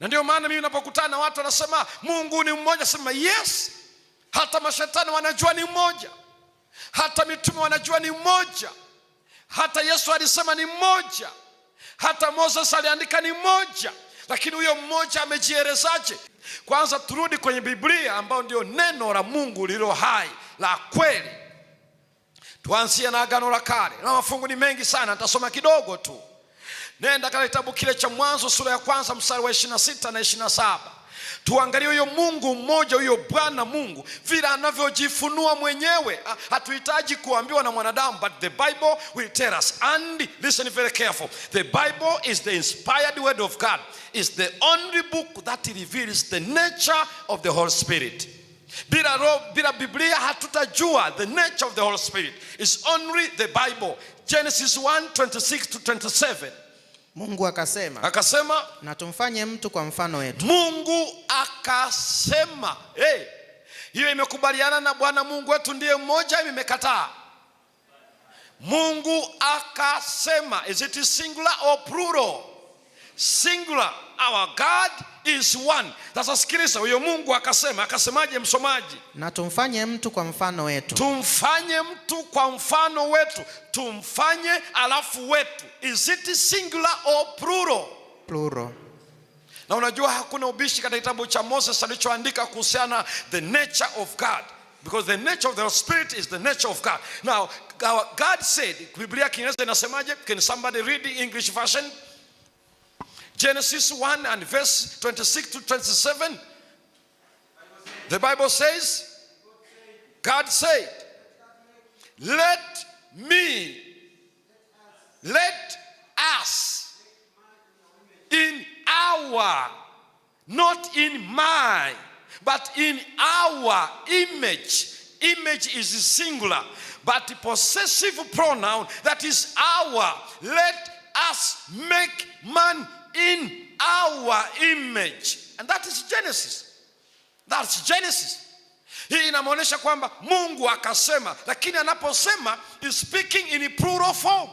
Na ndio maana mimi ninapokutana na watu wanasema Mungu ni mmoja, sema yes, hata mashetani wanajua ni mmoja, hata mitume wanajua ni mmoja, hata Yesu alisema ni mmoja, hata Moses aliandika ni mmoja. Lakini huyo mmoja amejierezaje? Kwanza turudi kwenye Biblia ambayo ndio neno la Mungu lililo hai la kweli. Tuanzie na Agano la Kale na mafungu ni mengi sana, nitasoma kidogo tu. Nenda katika kitabu kile cha Mwanzo sura ya kwanza mstari wa ishirini na sita na ishirini na saba tuangalie huyo Mungu mmoja, huyo Bwana Mungu vile anavyojifunua mwenyewe. Ah, hatuhitaji kuambiwa na mwanadamu, but the Bible will tell us and listen very careful. The Bible is the inspired word of God, is the only book that reveals the nature of the Holy Spirit. Bila, bila Biblia hatutajua the nature of the Holy Spirit. is only the Bible. Genesis 1 26 to 27 Mungu akasema akasema, na tumfanye mtu kwa mfano wetu. Mungu akasema hey, hiyo imekubaliana na Bwana Mungu wetu ndiye mmoja, imekataa Mungu akasema. Is it singular or plural? singular, our God is one. Sasa sikiliza, huyo Mungu akasema, akasemaje msomaji? Na tumfanye mtu kwa mfano wetu, tumfanye mtu kwa mfano wetu, tumfanye alafu wetu. Is it singular or plural? Plural. Na unajua hakuna ubishi katika kitabu cha Moses alichoandika kuhusiana the nature of God because the nature of the spirit is the nature of God. Now, God said, Biblia Kiingereza inasemaje? Can somebody read the English version? Genesis 1 and verse 26 to 27. The Bible says, God said, let me, let us, in our, not in my, but in our image. Image is singular, but possessive pronoun that is our. Let us make man in our image, and that is Genesis. That's Genesis. Hii inamwonyesha kwamba Mungu akasema, lakini anaposema is speaking in plural form.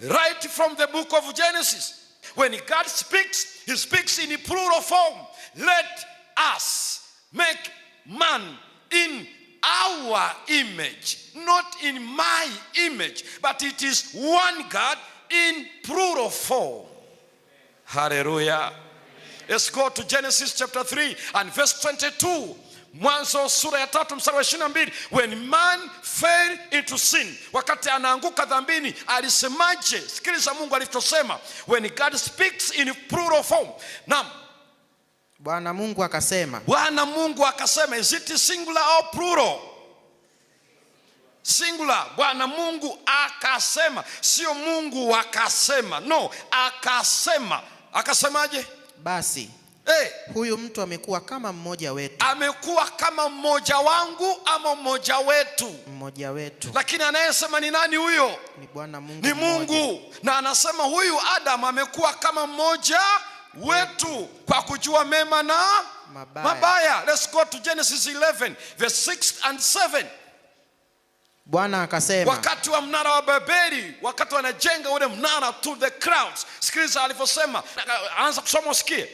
Right from the book of Genesis. When God speaks, he speaks in plural form. Let us make man in our image, not in my image, but it is one God in plural form. Hallelujah. Let's go to Genesis chapter 3 and verse 22. Mwanzo sura ya tatu mstari wa ishirini na mbili. When man fell into sin, wakati anaanguka dhambini alisemaje? Sikiliza Mungu alichosema. When God speaks in plural form. Naam. Bwana Mungu akasema. Bwana Mungu akasema. Is it singular or plural? singular. Bwana Mungu akasema, sio Mungu akasema no, akasema. Akasemaje? Basi hey, eh. huyu mtu amekuwa kama mmoja wetu, amekuwa kama mmoja wangu ama mmoja wetu, mmoja wetu. Lakini anayesema ni nani huyo? Ni Bwana Mungu, ni Mungu. mmoja. Na anasema huyu Adam amekuwa kama mmoja wetu kwa kujua mema na mabaya, mabaya. Let's go to Genesis 11 verse 6 and 7. Bwana akasema wakati wa mnara wa Babeli, wakati wanajenga ule mnara to the crowds. Sikiliza alivyosema, anza kusoma usikie.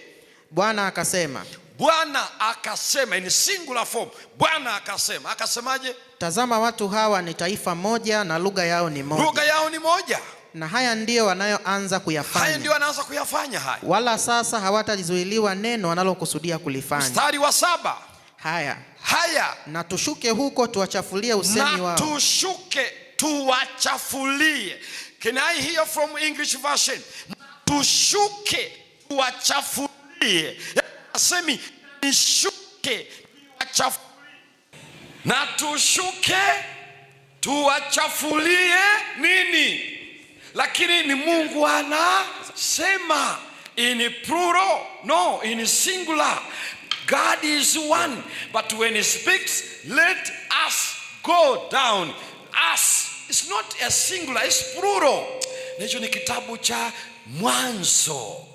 Bwana akasema, Bwana akasema, ni singular form. Bwana akasema, akasemaje? Tazama, watu hawa ni taifa moja na lugha yao ni moja, lugha yao ni moja na haya ndiyo wanayoanza kuyafanya. Haya ndiyo wanaanza kuyafanya haya, wala sasa hawatazuiliwa neno wanalokusudia kulifanya. Mstari wa saba haya haya, na tushuke huko tuwachafulie usemi wao, na tushuke tuwachafulie. Can I hear from English version? Tushuke tuwachafulie, asemi nishuke tuwachafulie, na tushuke tuwachafulie nini? Lakini ni Mungu anasema in plural, no in singular God is one. But when He speaks, let us go down. Us it's not a singular, it's plural. Na ni kitabu cha Mwanzo.